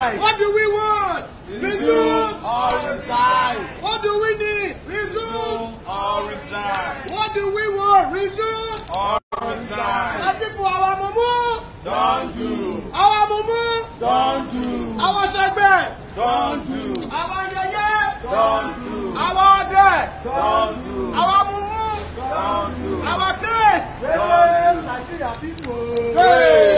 What do we want? Resume or resign. What do we need? Resume or resign. What do we want? Resume or resign. The people, our mumu, don't do. Our mumu, don't do. Our segment, don't do. Our yaya? don't do. Our dad, don't do. Our mumu, don't do. Our grace, don't do. Nigeria people. Hey.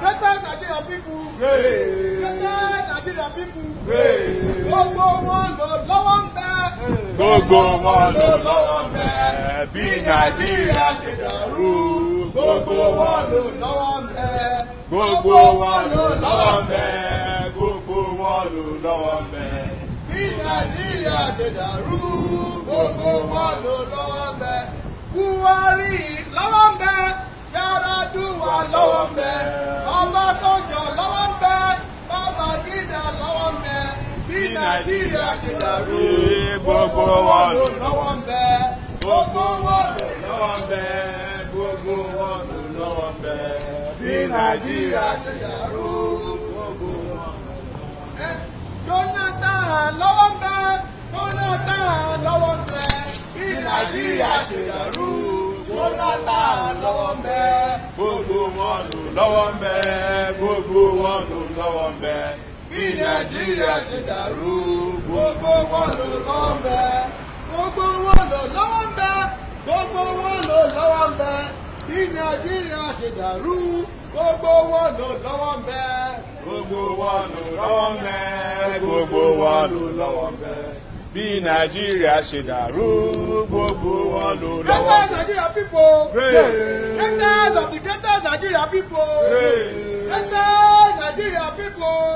Greater Nigeria people. Greater Nigeria people. Gbogbo wọn lò lọ́wọ́ ń bẹ́. Gbogbo wọn lò lọ́wọ́ ń bẹ́. Bí Nàìjíríà ṣe dàrú. Gbogbo wọn lò lọ́wọ́ ń bẹ́. Gbogbo wọn lò lọ́wọ́ ń bẹ́. Gbogbo wọn lò lọ́wọ́ ń bẹ́. Bí Nàìjíríà ṣe dàrú. Gbogbo wọn lò lọ́wọ́ ń bẹ́. Buhari lọ́wọ́ ń bẹ́. Yar'Adua lọ́wọ́ ń bẹ Ọbásanjọ́ lọ́wọ́ ń bẹ Babangida lọ́wọ́ ń bẹ bí Nàìjíríà ṣe dàrú gbogbo wọn ló lọ́wọ́ ń bẹ gbogbo wọn ló lọ́wọ́ ń bẹ gbogbo wọn ló lọ́wọ́ ń bẹ Nàìjíríà ṣe dàrú. Jonathan lọ́wọ́ ń bẹ gbogbo wọn lò lọ́wọ́ ń bẹ gbogbo wọn lò lọ́wọ́ ń bẹ bí Nàìjíríà ṣe dàrú gbogbo wọn lò lọ́wọ́ ń bẹ gbogbo wọn lò lọ́wọ́ ń bẹ gbogbo wọn lò lọ́wọ́ ń bẹ bí Nàìjíríà ṣe dàrú gbogbo wọn lò lọ́wọ́ ń bẹ gbogbo wọn lò lọ́wọ́ ń bẹ gbogbo wọn lò lọ́wọ́ ń bẹ bí nàìjíríà ṣe dàrú gbogbo wọn ló lọ́wọ́. greatest nigeria people. greatest of the greatest nigeria people. greatest nigeria people.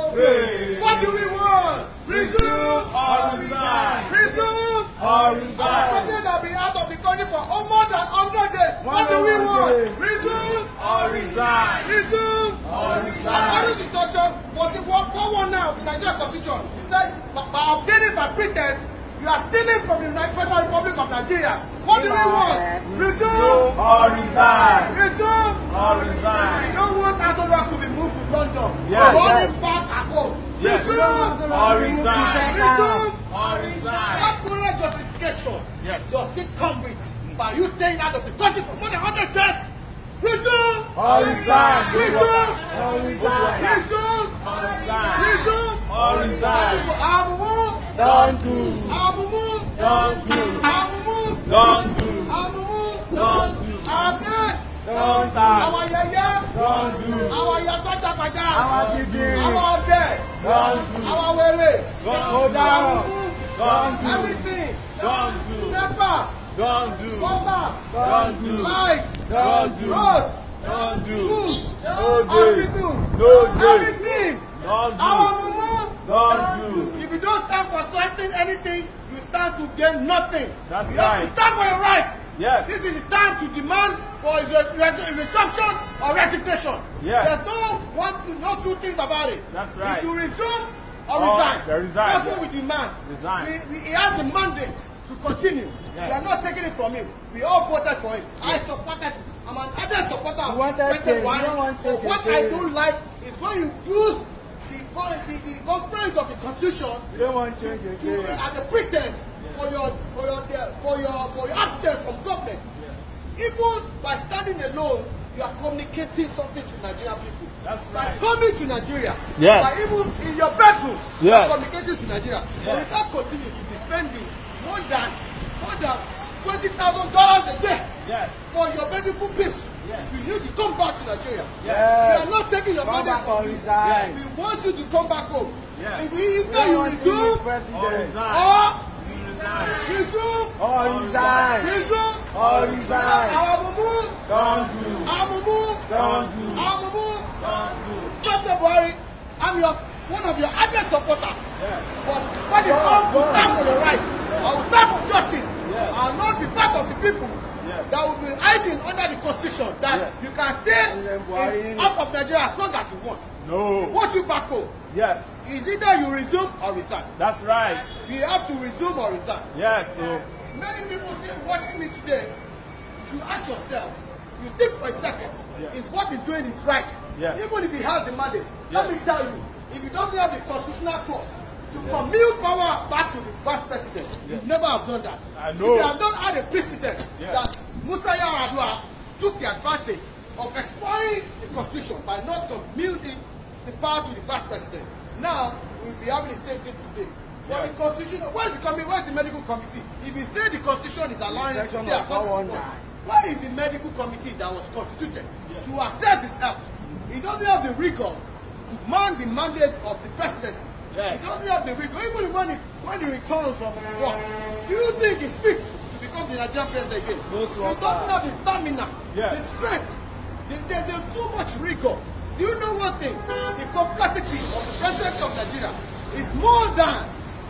what do we want. resume or resign. resume or resign. our president have be out of the country for more than hundred days. what do we want. resume or resign. According to Torture, now of the Nigerian Constitution, he said, by obtaining by pretext, you are stealing from the Federal Republic of Nigeria. What do you want? Resume or resign. Resume or resign. You don't want Azora to be moved to London. Yes. Yes. only yes. back at home. Yes. Resume or resign. Resume or resign. What moral justification yes. does it come with by you staying out of the country for more than 100 days? Resume! Horizonte! Resume! Horizonte! Resume! Horizonte! Resume! Horizonte! Abumu! Don't do! Don't do! Abumu! Don't do! Abumu! Don't do! Abnes! Don't Don't do! Àwọn yẹyẹ Don't do! Àwọn wèrè! Don't do! Abumu! Don't do! Everything! Don't do! Never! Don't do. Water. Don't do. do. Light. Don't do. do. Road. Don't do. Schools. No hospitals. No Everything. Don't do. Our mama. Don't do. If you don't stand for starting anything, you stand to gain nothing. That's you right. You stand for your rights. Yes. This is time to demand for resumption or resignation. Yes. There's no one, no two things about it. That's right. If you resume or oh, resign. Resign. That's yes. what we demand. Resign. We, we, he has a mandate to continue. Yes. We are not taking it from him. We all voted for him. Yes. I supported him. I'm an other supporter of President Buhari. But what I don't like is when you use the, the, the conference of the constitution you don't want to, to, to, as a pretense yes. for your for your for your for your absence from government. Yes. Even by standing alone, you are communicating something to Nigerian people. That's by coming to Nigeria, yes. by even in your bedroom, yes. you are communicating to Nigeria. Yes. But we can't continue to be spending more than more than twenty thousand dollars a day yes. for your medical bills. Yes. You need to come back to Nigeria. Yes. We are not taking your come money from you. Yes. We want you to come back home. Yes. If we is not you resume or resume or resign. Resume or resign. Our mumu don't do. Our mumu don't do. Our mumu don't do. not worry. I'm your one of your hardest supporters. Yes. But what is wrong to stand for your right? I will stand for justice. I will not be part of the people that will be hiding under the constitution that you can stay in, out of Nigeria as long as you want. No. What you back home? Yes. Is either you resume or resign. That's right. We have to resume or resign. Yes. So. Many people say watching me today, you ask yourself, you think for a second, yes. is what he's doing is right. Yes. Even if he has the mandate, yes. let me tell you, if you don't have the constitutional clause, for new power back to the past president. Yes. You never have done that. I know. If you have not had a precedent yes. that Musa Yaradua took the advantage of exploring the constitution by not commuting the power to the past president. Now, we'll be having the same thing today. But yeah. the constitution, where is the, committee, where is the medical committee? If you say the constitution is allowing it to stay why is the medical committee that was constituted yes. to assess his health? It doesn't have the rigor to man the mandate of the presidency Yes. He doesn't have the window. Even when he, when he returns from war, do you think he's fit to become the Nigerian president again? Most he doesn't have the stamina, yes. the strength. There's a too much rigor. Do you know one thing? The complexity of the president of Nigeria is more than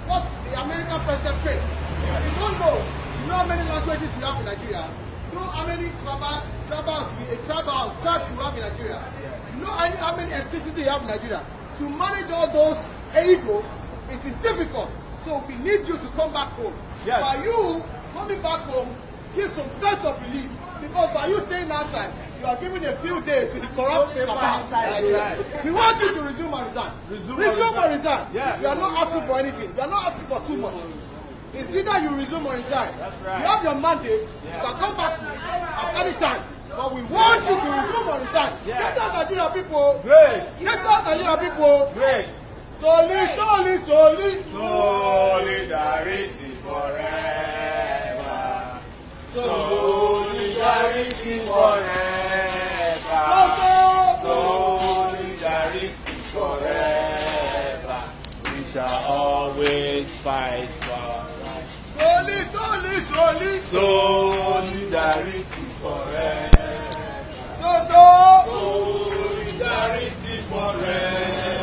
what the American president faced. You don't know. You know how many languages you have in Nigeria. You know how many tribes you have in Nigeria. You know how many ethnicity you have in Nigeria. To manage all those Igbos, it is difficult. So we need you to come back home. Yes. By you coming back home, give some sense of relief. Because by you staying outside, you are giving a few days to the corrupt cabal. We want you to resume and resign. Resume, resume and resign. Yes. You are not asking for anything. You are not asking for too much. It's either you resume or resign. That's right. You have your mandate. Yeah. You can come back to it at any time. But we want you to resume or resign. Yeah. Get out Nigeria people. Great. Get out Nigeria people. Great. Soli, soli, soli. Solidarity forever. Solidarity forever. Solidarity forever. We shall always fight for life. Soli, soli, soli. Solidarity forever. So, so. Solidarity forever.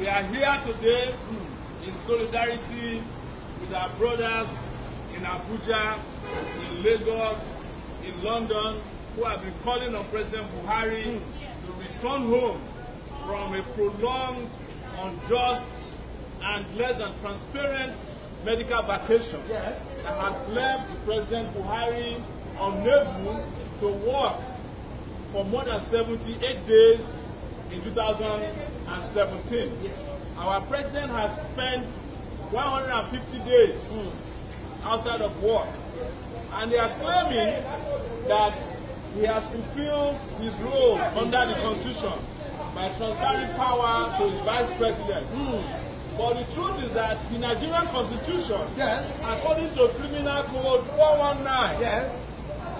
We are here today hmm, in solidarity with our brothers in Abuja, in Lagos, in London, who have been calling on President Buhari hmm. to return home from a prolonged, unjust, and less than transparent medical vacation yes. that has left President Buhari unable to work for more than 78 days in 2000 seventeen. Yes. Our president has spent 150 days hmm. outside of work. Yes. And they are claiming that he has fulfilled his role under the constitution by transferring power to his vice president. Mm. But the truth is that the Nigerian constitution, yes. according to criminal code 419, yes.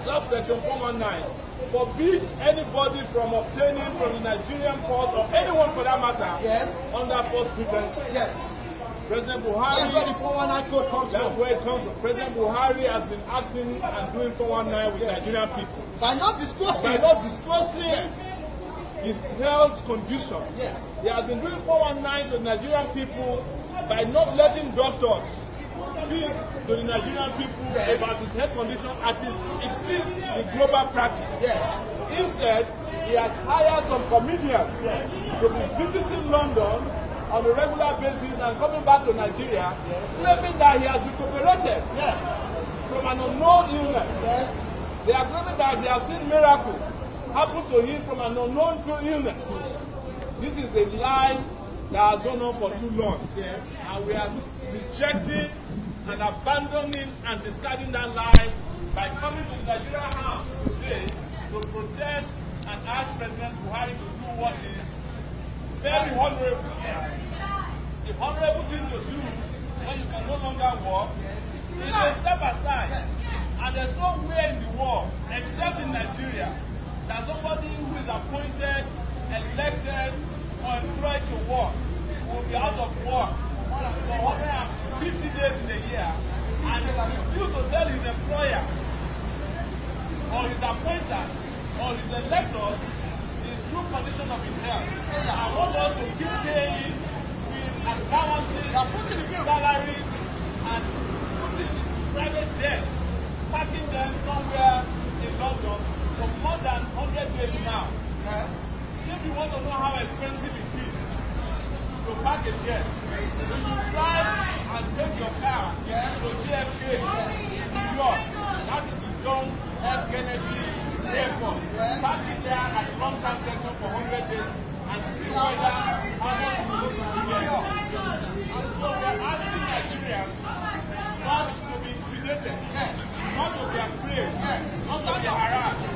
subsection 419, forbids anybody from obtaining from the Nigerian force or anyone for that matter yes. under false pretenses. Yes. President Buhari. That's where the 419 code comes that's from. That's where it comes from. President Buhari has been acting and doing 419 with yes. Nigerian people. By not disclosing. By not disclosing yes. his health condition. Yes. He has been doing 419 to Nigerian people by not letting doctors speak to the Nigerian people yes. about his health condition at his, it is the global practice. Yes. Instead, he has hired some comedians yes. to be visiting London on a regular basis and coming back to Nigeria, claiming that he has recuperated from an unknown illness. They are claiming that they have seen miracles happen to him from an unknown illness. This is a lie that has gone on for too long. Yes. And we have rejected and abandoning and discarding that lie by coming to the House today to protest and ask President Buhari to do what is very honorable. Yes. The honorable thing to do when you can no longer work is to step aside. Yes. And there's no way in the world, except in Nigeria, that somebody who is appointed, elected, or employed to work will be out of work for 150 50 days in a year and he can refuse to tell his employers or his appointers or his electors the true condition of his health. I want us to keep paying with allowances, salaries, and putting private jets, packing them somewhere in London for more than 100 days now. Yes. If you want to know how expensive it is to park a jet, you try and take your power to JFK, New York. That is the John F. Kennedy Airport. Park it there at long-term section for 100 days and see whether how much you go to New And so we are asking Nigerians not to be intimidated, yes. not to be afraid, yes. not to be harassed,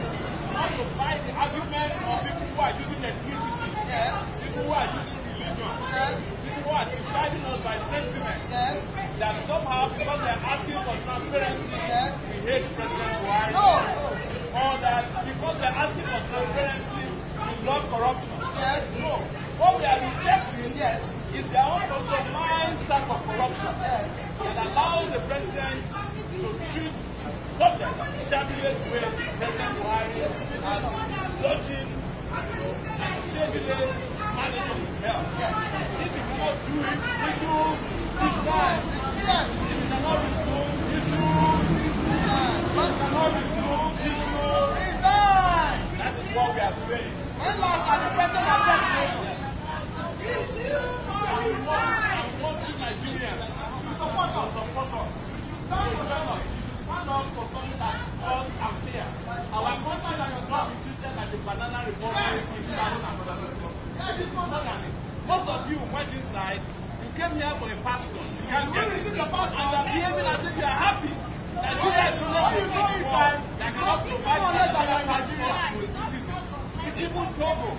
not to fight the argument of people who are using electricity, yes. people who are using fact, guiding us by sentiment. yes. that somehow, because they're asking for transparency, yes. we hate President Buhari. No. Or that because they're asking for transparency, we love corruption. Yes. No. What we are rejecting yes. is their own customized type of corruption yes. that allows the president to treat subjects established with President Buhari as and scheduling, managers help. Yes. If you cannot do it, you should resign. Yes. If you cannot resume, you should resign. If you cannot resume, you should resign. That is what we are saying. When last are the president of that nation? Nigerians. You support us, support us. Stand for us. Stand up for something that is just and fair. Our government that was not treated like the banana republic in 2000. Most of you went inside, you came here for a fast lunch. You can't get it. And you're behaving as if you're happy. That you guys will not inside. That cannot provide national passport to Even Togo,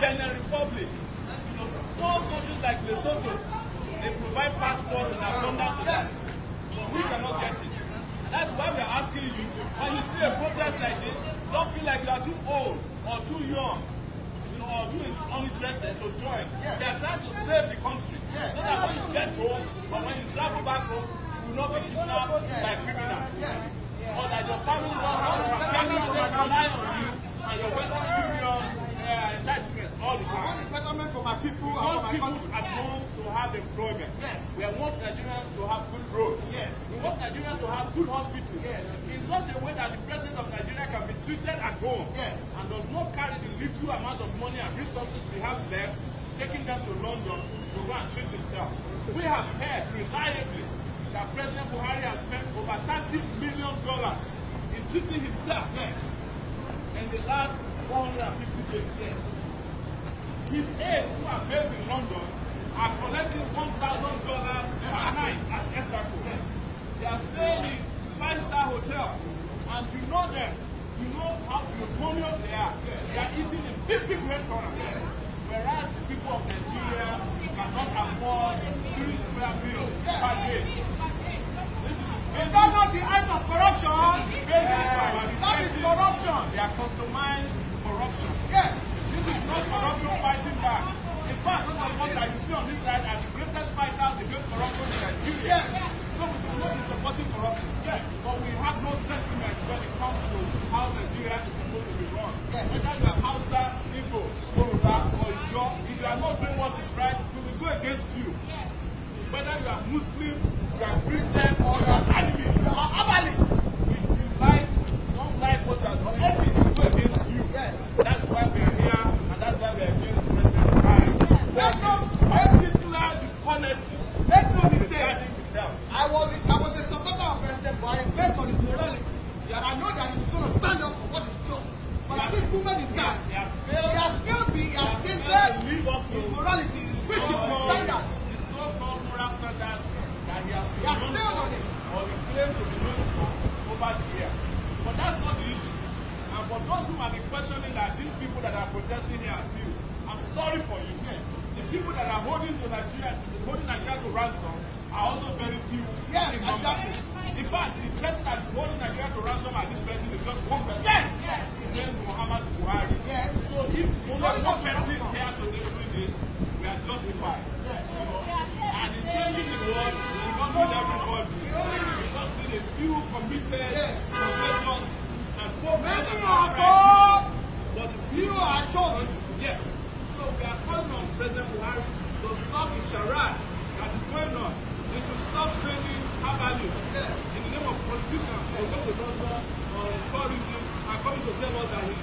Benin Republic, you know, small countries like Lesotho, they provide passports in abundance Yes, But we cannot get it. That's why we're asking you, when you see a protest like this, don't feel like you are too old or too young or who is uninterested to join. Yes. They are trying to save the country. Yes. So that when you get home or when you travel back home, you will not be kidnapped yes. by criminals. Yes. Or that your family will not rely on you and your Western Union entitlements all the time. I want entitlement for my people we and for my people country. at yes. home to have employment. Yes. We want Nigerians to have good roads. Yes. We want Nigerians to have good hospitals. Yes. In such a way that the president of Nigeria can be treated at home. Yes. And does not carry the little amount of money and resources we have left, taking them to London to go and treat himself. We have heard reliably that President Buhari has spent over $30 million in treating himself. Yes. In the last 150 days. Yes. His aides who are based in London are collecting $1,000 per night as escrow. Yes. They are staying in five-star hotels. And you know them. You know how euphonious they are. Yes. They are eating in big, big restaurants. Yes. Whereas the people of Nigeria cannot afford three square meals yes. per day. is that not the act of corruption? Yes. That is corruption. They are customized corruption. Yes, this is not corruption fighting back. In fact, those of the ones that you see on this side are the greatest fighters against corruption in Nigeria. Yes. So we do not be supporting corruption. Yes. But we have no sentiment when it comes to how Nigeria is supposed to be run. Yes. Whether you are Hausa, Igbo, Yoruba, or Ijo, if you are not doing what is right, we will go against you. Yes. Whether you are Muslim, you are Christian, or you are animal.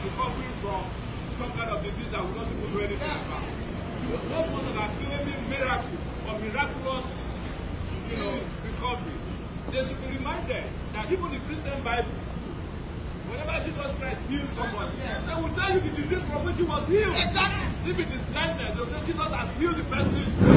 recovering from some kind of disease that we're not supposed to do anything about. Those ones that are claiming miracle or miraculous, you know, recovery, they should be reminded that even the Christian Bible, whenever Jesus Christ heals someone, yes. they will tell you the disease from which he was healed. Exactly. If it is blindness, they'll say Jesus has healed the person.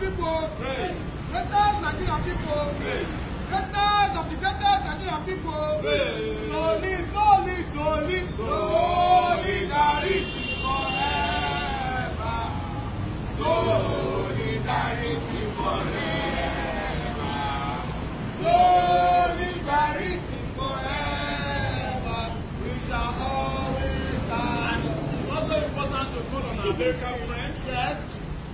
people. Praise. Greatest Nigerian people. Greater of the greater Nigerian people. Praise. Soli, soli, solidarity forever. Solidarity forever. Solidarity forever. We shall always stand. It's also important to put on our American friends. Yes.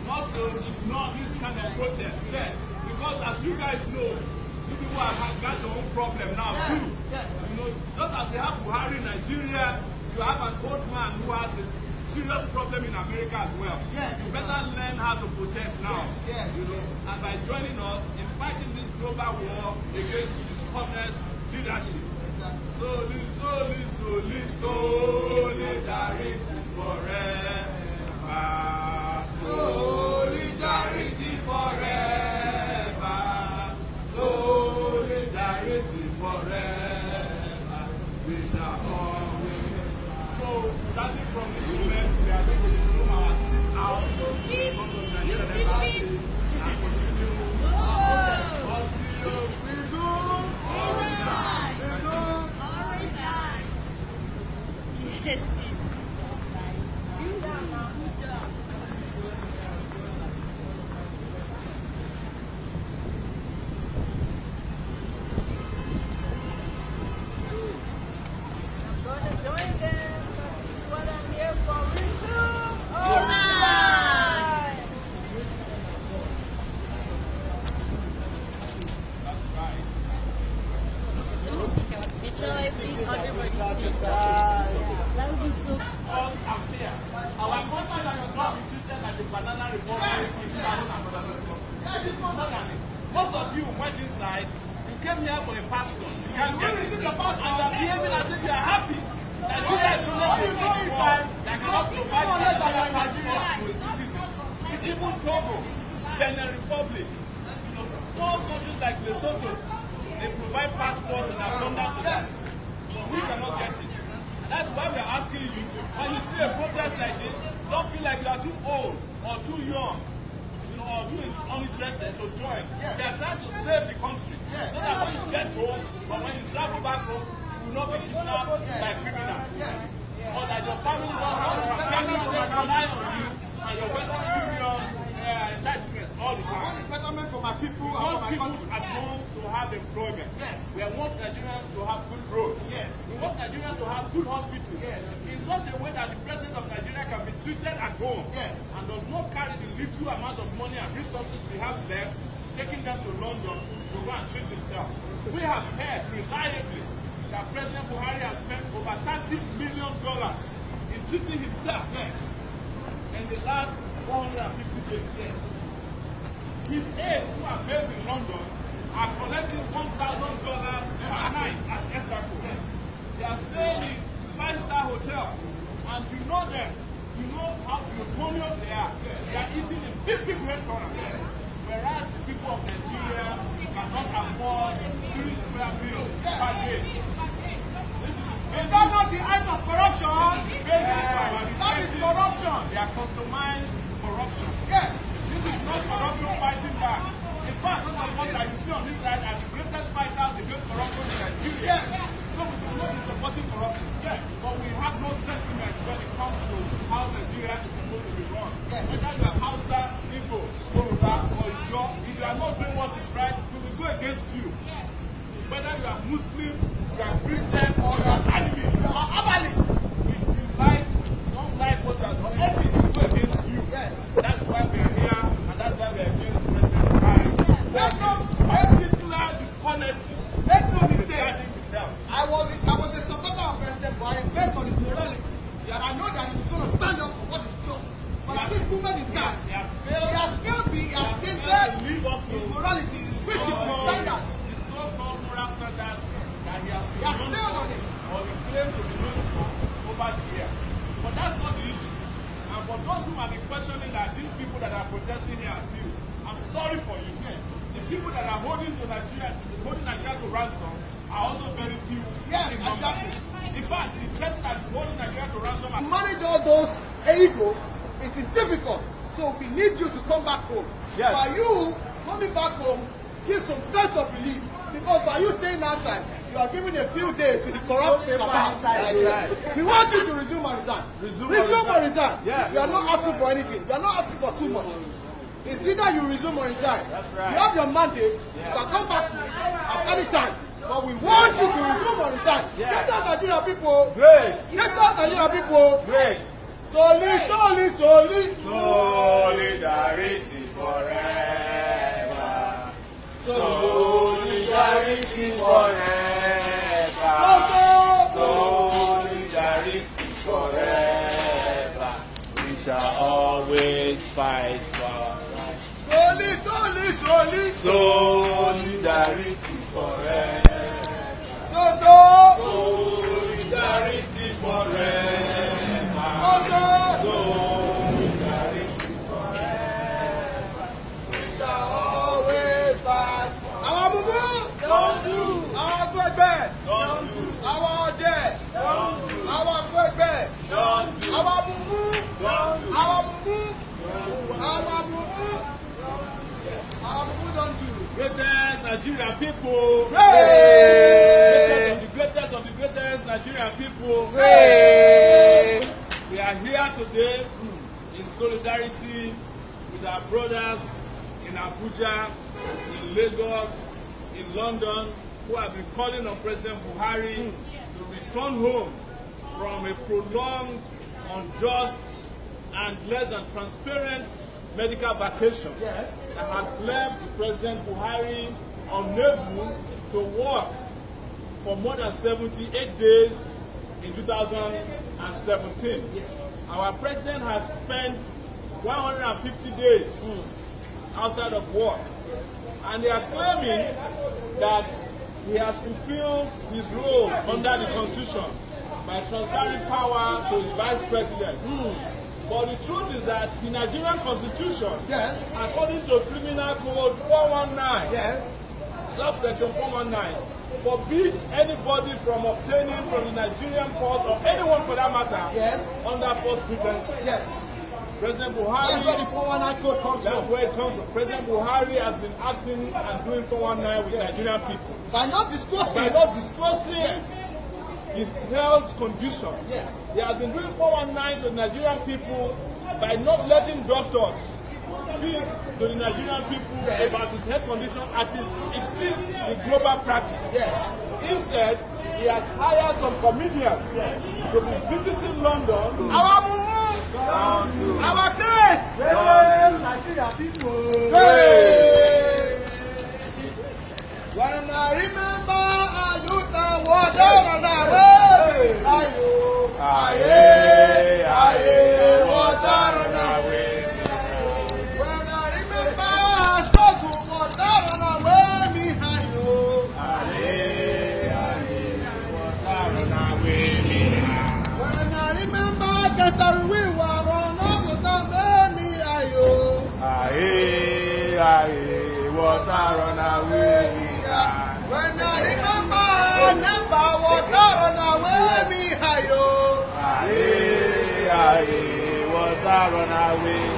Not to ignore this. Yes. Because as you guys know, you people have got your own problem now yes. too. Yes. You know, just as they have Buhari in Nigeria, you have an old man who has a serious problem in America as well. Yes. You better yes. learn how to protest now. Yes. yes. You know, and by joining us in fighting this global war against this communist leadership. Exactly. So, so, so, so, solidarity forever. this one Most of you went inside, you came here for a fast You can get it, the passport. you are behaving as if you are happy. That Nigeria is not a go inside that cannot provide Nigerian passport to its citizens. It's even Togo, Benin Republic, you know, small countries like Lesotho, they provide passports in abundance of us. But we cannot get it. That's why we are asking you, when you see a protest like this, don't feel like you are too old or too young or who is uninterested to join. Yes. They are trying to save the country. Yes. So that when you get home but when you travel back home, you will not be kidnapped yes. by criminals. Yes. Or that your family will not have to rely on you and your Western Union uh, entitlements uh, all the time. I want betterment for my people and for my country. At home, have employment. Yes. We want Nigerians to have good roads. Yes. We want Nigerians to have good hospitals. Yes. In such a way that the president of Nigeria can be treated at home. Yes. And does not carry the little amount of money and resources we have left, taking them to London to go and treat himself. We have heard reliably that President Buhari has spent over $30 million dollars in treating himself. Yes. In the last 150 days. Yes. His aides who are based in London are collecting $1,000 per night as escrow. Yes. They are staying in five-star hotels. And you know them. You know how euphonious they are. Yes. They are eating in big, big restaurants. Yes. Whereas the people of Nigeria cannot afford three square meals yes. per day. Is that not the end of corruption? Yes. That is corruption. They are customized corruption. Yes. This is not corruption fighting back fact, that you see on this side as the greatest fighters against corruption in Nigeria. Yes. yes. So we do not be supporting corruption. Yes. But we have no sentiment when it comes to how Nigeria is supposed to be run. Yes. Whether you are Hausa, Igbo, Yoruba, or Ijo, if you are not doing what is right, we will go against you. Yes. Whether you are Muslim, you are Christian, or you are anything. You are not asking for too much. It's either you resume or resign. That's right. You have your mandate. Yeah. You can come back to at any time. But we want you to resume or resign. Yeah. Get out Nigeria people. Great. Get out Nigeria people. Great. Soli, soli, soli. Solidarity forever. Solidarity forever. Solidarity forever. We shall fight Soli, soli, soli. Solidarity forever. So, so. Solidarity forever. So, so. Solidarity forever. We shall always fight for. Àwọn mumu. Don't do. Àwọn tó ẹgbẹ́. Don't do. Àwọn ọdẹ. Don't do. Àwọn tó ẹgbẹ́. Don't do. Àwọn mumu. Don't do. Àwọn mumu. I'm on to greatest Nigerian people. Hey! Greatest of the greatest of the greatest Nigerian people. Hey! We are here today hmm, in solidarity with our brothers in Abuja, in Lagos, in London, who have been calling on President Buhari to return home from a prolonged, unjust, and less than transparent medical vacation yes. has left President Buhari unable to work for more than 78 days in 2017. Yes. Our president has spent 150 days hmm. outside of work. Yes. And they are claiming that he has fulfilled his role under the constitution by transferring power to his vice president. Mm. But the truth is that the Nigerian Constitution, yes, according to Criminal Code 419, yes, subsection 419, forbids anybody from obtaining from the Nigerian court or anyone for that matter yes. under false pretenses. Yes. President Buhari. That's where the 419 code comes that's from. That's where it comes from. President Buhari has been acting and doing 419 with yes. Nigerian people. By not disclosing. By not disclosing yes. his health condition. Yes. He has been doing 419 to Nigerian people by not letting doctors speak to the Nigerian people yes. about his health condition as it is the global practice. Yes. Instead, he has hired some comedians yes. to be visiting London. Our mumu! Our case! Hey! Nigerian people! Hey! When I remember I Ayuta, what Aye, aye, water are on our way? When I remember, I spoke to water are on our way, me, I Aye, aye, water are on our way, me, When I remember, that's our way, we were on all the me, I know. Aye, aye, water are on our way, me, When I remember, I never what are on our way. Aye, water run away.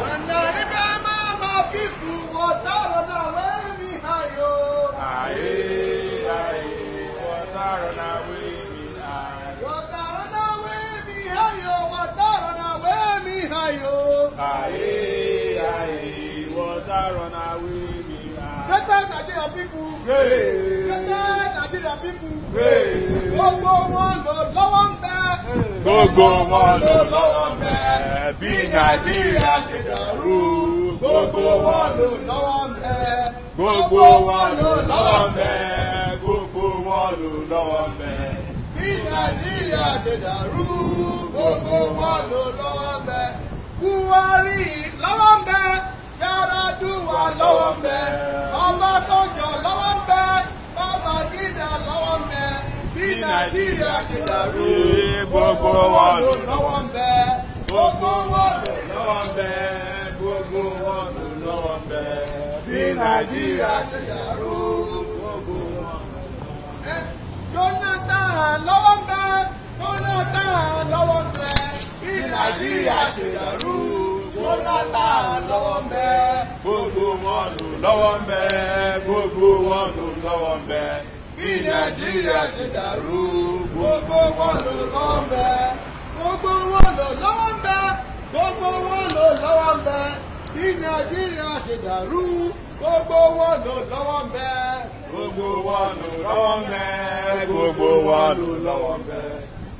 When I remember my people, water run away. Aye, aye, water run away. Water run away, me hayo. Water run away, me hayo. Aye, aye, water run away. Greater Nigeria people. Greater Nigeria people. Gbogbo wọn lọ lọ́wọ́ ń bẹ gbogbo wọn ló lọ mẹ́ bí nàìjíríà ṣe dàrú gbogbo wọn ló lọ mẹ́ gbogbo wọn ló lọ mẹ́ gbogbo wọn ló lọ mẹ́ bí nàìjíríà ṣe dàrú gbogbo wọn ló lọ mẹ́ buhari lọ́wọ́ mẹ́ Yar'Adua lọ́wọ́ mẹ́ Ọbásanjọ́ lọ́wọ́ mẹ́ Babangida lọ́wọ́ mẹ́ bí nàìjíríà ṣe dàrú gbogbo wọn ló lọ́wọ́ ń bẹ gbogbo wọn ló lọ́wọ́ ń bẹ gbogbo wọn ló lọ́wọ́ ń bẹ bí nàìjíríà ṣe yàrá gbogbo wọn. Jonathan lọ́wọ́ ń bẹ Jonathan lọ́wọ́ ń bẹ bí nàìjíríà ṣe yàrá Jonathan lọ́wọ́ ń bẹ gbogbo wọn ló lọ́wọ́ ń bẹ gbogbo wọn ló lọ́wọ́ ń bẹ kí nàìjíríà ṣe dàrú gbogbo wọn ló lọ ń bẹ gbogbo wọn ló lọ ń bẹ gbogbo wọn ló lọ́wọ́ ń bẹ kí nàìjíríà ṣe dàrú gbogbo wọn ló lọ́wọ́ ń bẹ gbogbo wọn ló lọ́wọ́ ń bẹ gbogbo wọn ló lọ́wọ́ ń bẹ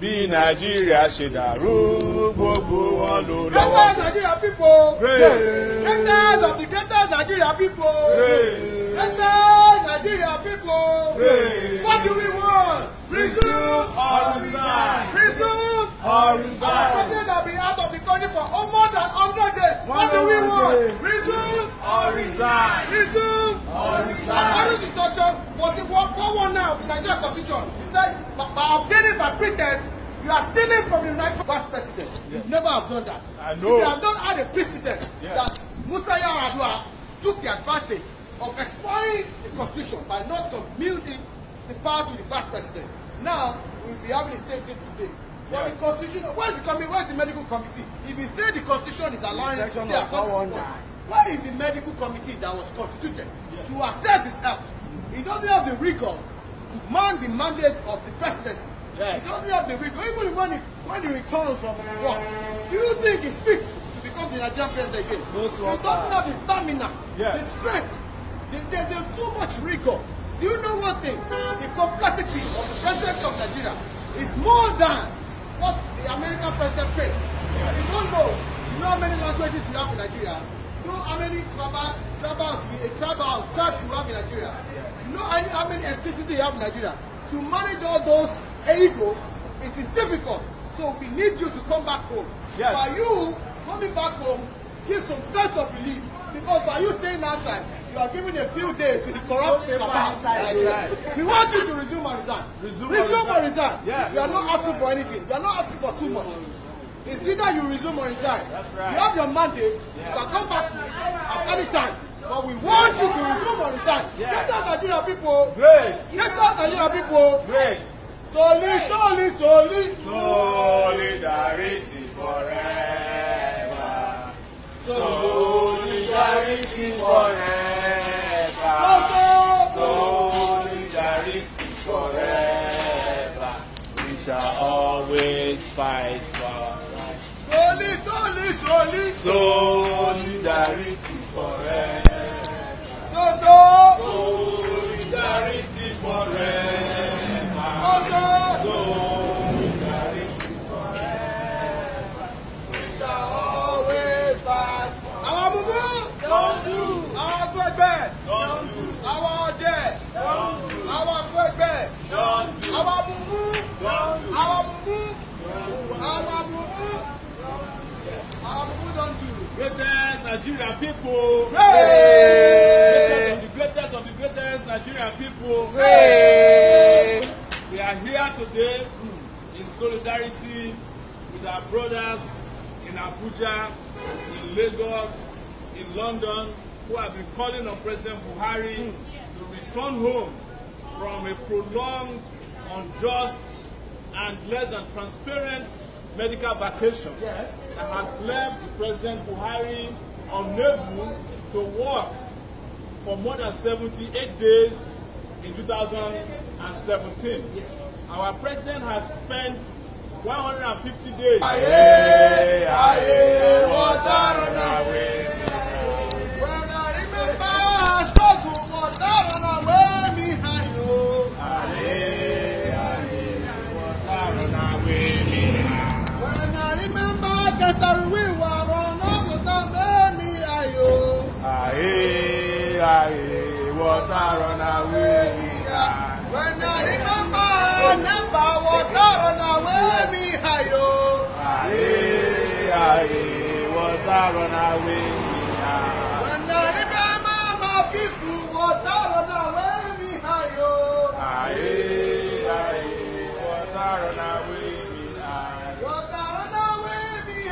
bí nàìjíríà ṣe dàrú gbogbo wọn ló lọ́wọ́. greatest nigeria people. greatest of the greatest nigeria people. or resign. Resume or resign. Our president has been out of the country for oh, more than 100 days. What do we want? Resume or resign. Resume or resign. According to section 41 now of the Nigerian Constitution, it said by, by obtaining by pretext you are stealing from the United past president. Yes. You never have done that. I know. If you have not had a precedent yes. that Musa Yar'Adua took the advantage of exploiting the constitution by not commuting the power to the past president. Now, we will be having the same thing today. But yeah. the constitution, where is the committee? Where is the medical committee? If you say the constitution is allowing to stay oh at why is the medical committee that was constituted to assess his health? It doesn't have the rigor to man the mandate of the presidency. Yes. It doesn't have the rigor. Even when he, when he returns from uh, work, do you think he's fit to become the Nigerian president again? He doesn't have the stamina, yes. the strength. There's too much rigor. Do you know one thing? The complexity of president of Nigeria is more than what the American president faced. You don't know, you know how many languages you have in Nigeria. You know how many travel, tribal, travel, tribes you have in Nigeria. You know how many electricity you have in Nigeria. To manage all those egos, it is difficult. So we need you to come back home. Yes. By you coming back home, give some sense of relief. Because by you staying outside, you are giving a few days to the corrupt We want you to resume and resign. Resume, resume and resign. Yeah. You are not asking for anything. You are not asking for too much. It's either you resume or resign. That's right. You have your mandate. Yeah. You can come back to at any time. But we want you to resume or resign. Yeah. Let us Nigeria people. Great. Let us Nigeria people. Great. Soli, soli, soli. Solidarity forever. Solidarity forever solidarity forever. We shall always fight for life. Solid, solid, soli. Solidarity forever. So, so. Solidarity forever. Nigerian people. Hey! The greatest of the greatest Nigerian people. Hey! We are here today in solidarity with our brothers in Abuja, in Lagos, in London, who have been calling on President Buhari to return home from a prolonged, unjust, and less than transparent medical vacation yes. that has left President Buhari unable to work for more than 78 days in 2017. Yes. Our president has spent 150 days. Aye, aye, not run away. When I remember what run away Aye, aye, what run away When I remember my people what not run away me hayo. Aye, aye, what not run away me What run away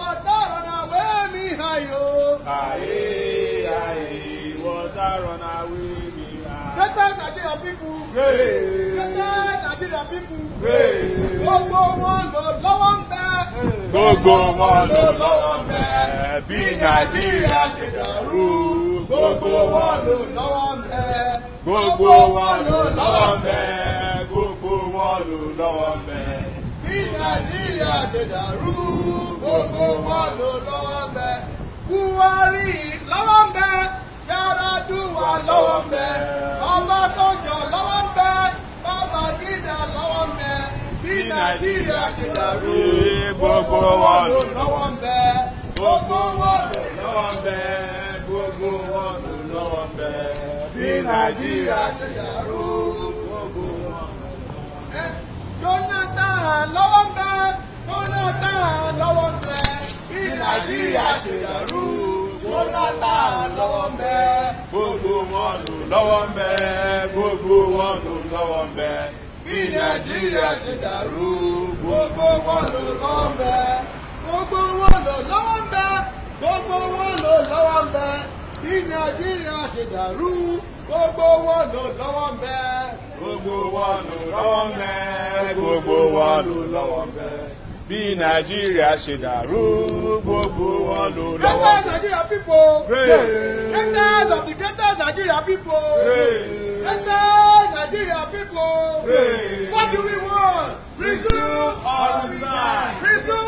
What run away Aye, aye, what not run away. Greater Nigeria people. Greater Nigeria people. Gbogbo wọn lò lọ́wọ́ ń bẹ́. Gbogbo wọn lò lọ́wọ́ ń bẹ́. Bí Nàìjíríà ṣe dàrú. Gbogbo wọn lò lọ́wọ́ ń bẹ́. Gbogbo wọn lò lọ́wọ́ ń bẹ́. Gbogbo wọn lò lọ́wọ́ ń bẹ́. Bí Nàìjíríà ṣe dàrú. Gbogbo wọn lò lọ́wọ́ ń bẹ́. Buhari lọ́wọ́ ń bẹ́. Yar'Adua lọ́wọ́ ń bẹ Ọbásanjọ́ lọ́wọ́ ń bẹ Babangida lọ́wọ́ ń bẹ bí Nàìjíríà ṣe dàrú gbogbo wọn ló lọ́wọ́ ń bẹ gbogbo wọn ló lọ́wọ́ ń bẹ gbogbo Jonathan lọ́wọ́ Jonathan lọ́wọ́ ń bẹ bí Nàìjíríà ṣe dàrú. Jonathan lọ́wọ́ ń bẹ gbogbo wọn lò lọ́wọ́ ń bẹ gbogbo wọn lò lọ́wọ́ ń bẹ bí Nàìjíríà ṣe dàrú gbogbo wọn lò lọ́wọ́ ń bẹ gbogbo wọn lò lọ́wọ́ ń bẹ gbogbo wọn lò lọ́wọ́ ń bẹ bí Nàìjíríà ṣe dàrú gbogbo wọn lò lọ́wọ́ ń bẹ gbogbo wọn lò lọ́wọ́ ń bẹ gbogbo wọn lò lọ́wọ́ ń bẹ bí nàìjíríà ṣe dàrú gbogbo wọn ló lọ́wọ́. greatest nigeria people. great. greatest of the greatest nigeria people. great. nigeria people. what do we want? resume or resign. resume.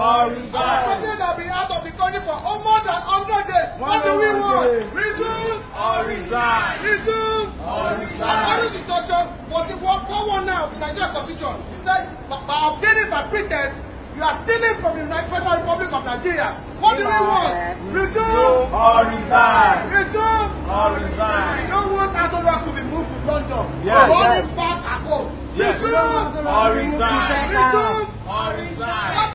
Horizon. Our president has been out of the country for oh, more than 100 days. What do we want? Resume or resign. Resume or resign. According to section 41 now of the Nigerian Constitution, it said by, obtaining by pretext, you are stealing from the Federal Republic of Nigeria. What do we want? Resume or resign. Resume or resign. We don't want Azora to be moved to London. Yes. Or yes. back at home. Yes. Resume or resign. Resume or resign.